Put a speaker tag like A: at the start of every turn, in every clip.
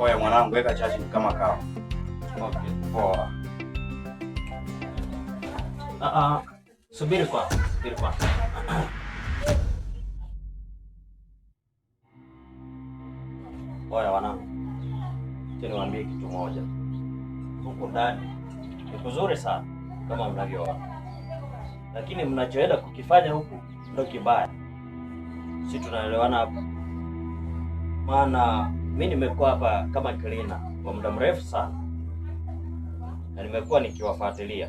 A: Oya mwanangu, weka chaji kama kawa. Okay, poa. Ah, ah. Subiri kwa, subiri kwa. Oya wanangu. Tena niwaambie kitu moja. Huko ndani ni kuzuri sana kama mnavyoona. Lakini mnachoenda kukifanya huku ndio kibaya. si tunaelewana hapa. Maana mi nimekuwa hapa kama klina kwa muda mrefu sana, na nimekuwa nikiwafuatilia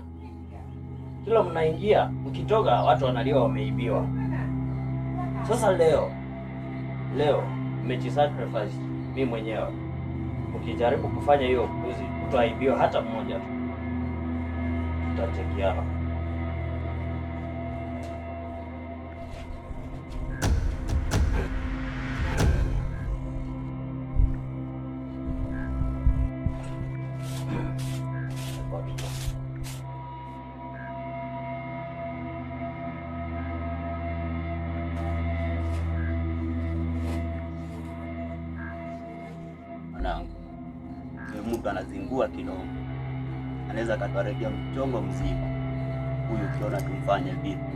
A: kila mnaingia, mkitoka watu wanaliwa wameibiwa. Sasa leo leo sacrifice mi mwenyewe, ukijaribu kufanya hiyo kuzi utaibiwa hata mmoja tu, tutachekiana. anazingua kidogo, anaweza akatuharibia mchongo mzima. Huyu ukiona tumfanye vipi?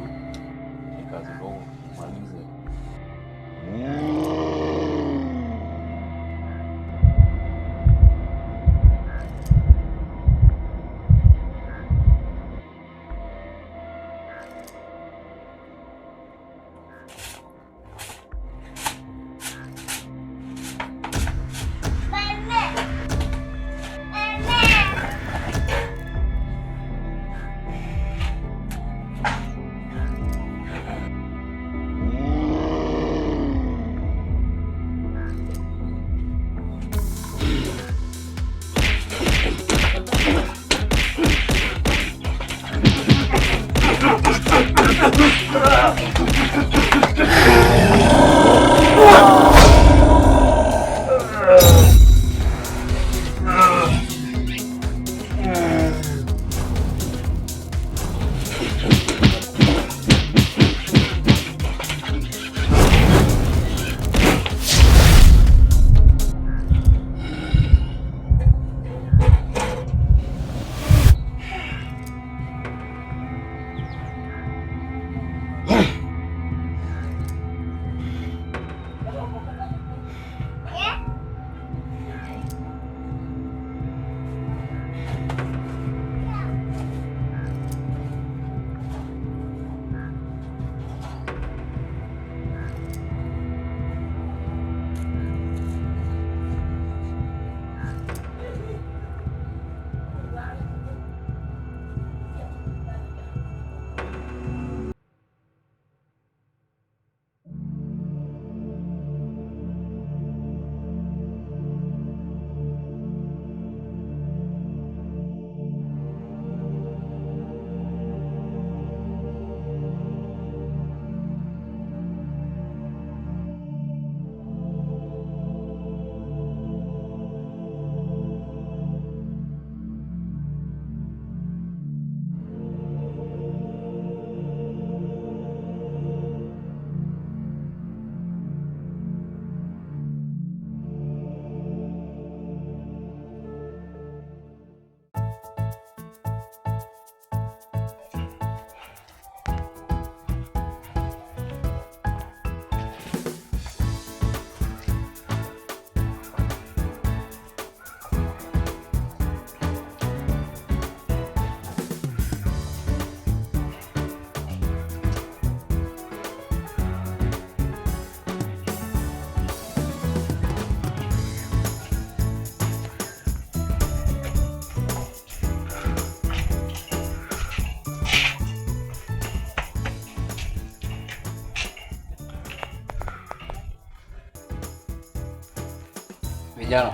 B: jana?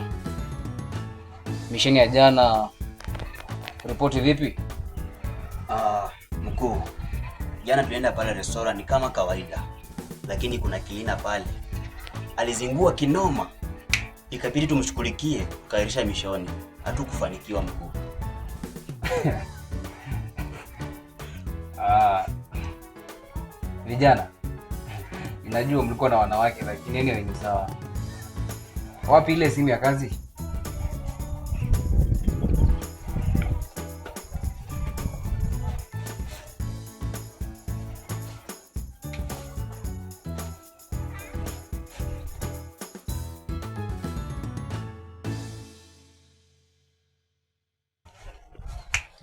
B: Misheni ya jana ripoti vipi?
A: Ah, mkuu, jana tulienda pale restora ni kama kawaida, lakini kuna Kilina pale alizingua kinoma, ikabidi tumshughulikie, tukaahirisha mishoni. Hatukufanikiwa mkuu.
B: Ah, vijana, ninajua mlikuwa na wanawake, lakini wenye sawa wapi ile simu ya kazi?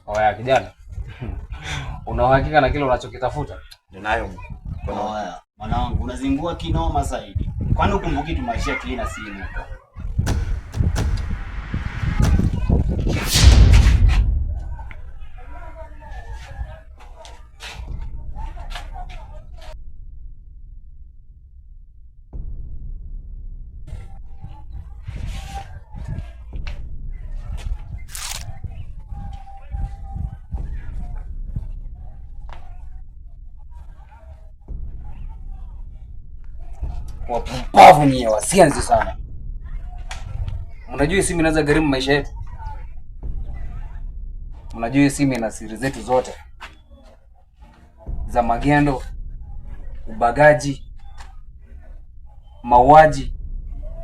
B: Oya kijana, una uhakika na kile unachokitafuta?
A: Ninayo mwanangu, unazingua kinoma zaidi. Kwani ukumbuki tu maisha clean na simu?
B: Wapumbavu nyie, wasianzi sana. Mnajua simu inaweza gharimu maisha yetu, mnajua simu ina siri zetu zote za magendo, ubagaji, mauaji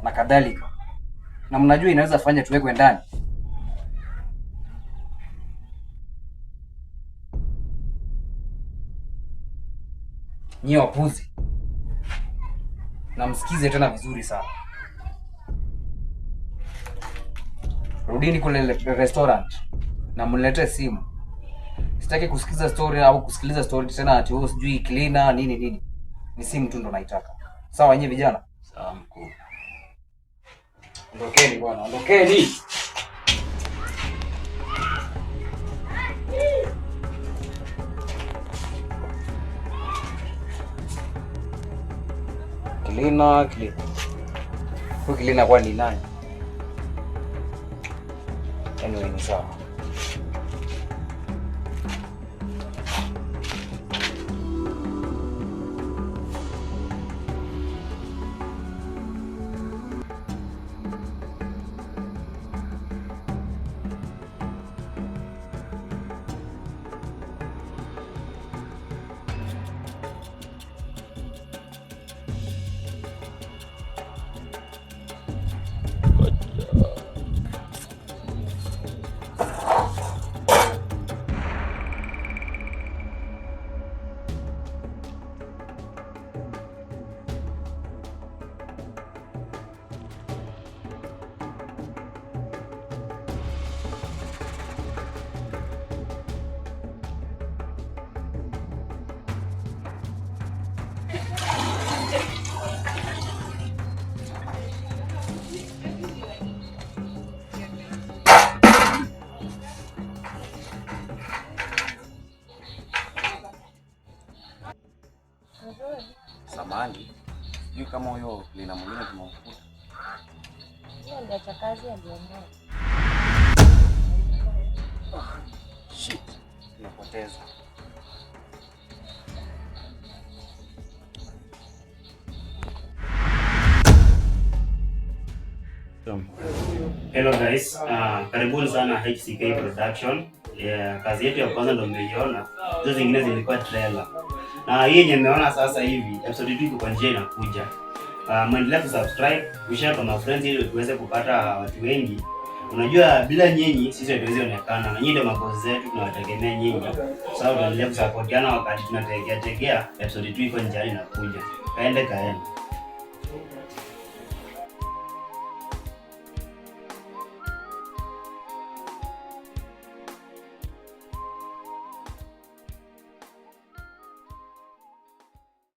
B: na kadhalika, na mnajua inaweza fanya tuwekwe ndani. Nyie wapuzi! na msikize tena vizuri sana. Rudini kule restaurant na mniletee simu. Sitaki kusikiza story au kusikiliza story tena ati wewe oh, sijui cleaner nini nini. Ni simu tu ndo naitaka. Sawa nyie vijana?
A: Sawa mkuu.
B: Ondokeni bwana, ondokeni. Kilina, Kilina. Huyu Kilina kwa ni nani? Yaani wewe ni sawa.
A: Samani juu kama huyo lina mwingine tumemkuta
C: kazi aliamua. Ah, shit, nimepoteza.
D: Hello guys, uh, karibuni sana HCK Production. Yeah, kazi yetu ya kwanza ndo mmeiona. Hizo zingine zilikuwa trailer na ah, hii yenye mmeona sasa hivi episode 2 kwa njia inakuja. Uh, mwendelee kusubscribe, kushare kwa mafriends ili tuweze kupata watu wengi. Unajua bila nyinyi sisi hatuwezi onekana, Na nyinyi ndio mabosi zetu, tunawategemea nyinyi. Sasa so, tuendelee kusapotiana yaani wakati tunategea tegea episode 2 iko njiani inakuja. Kaende kaende.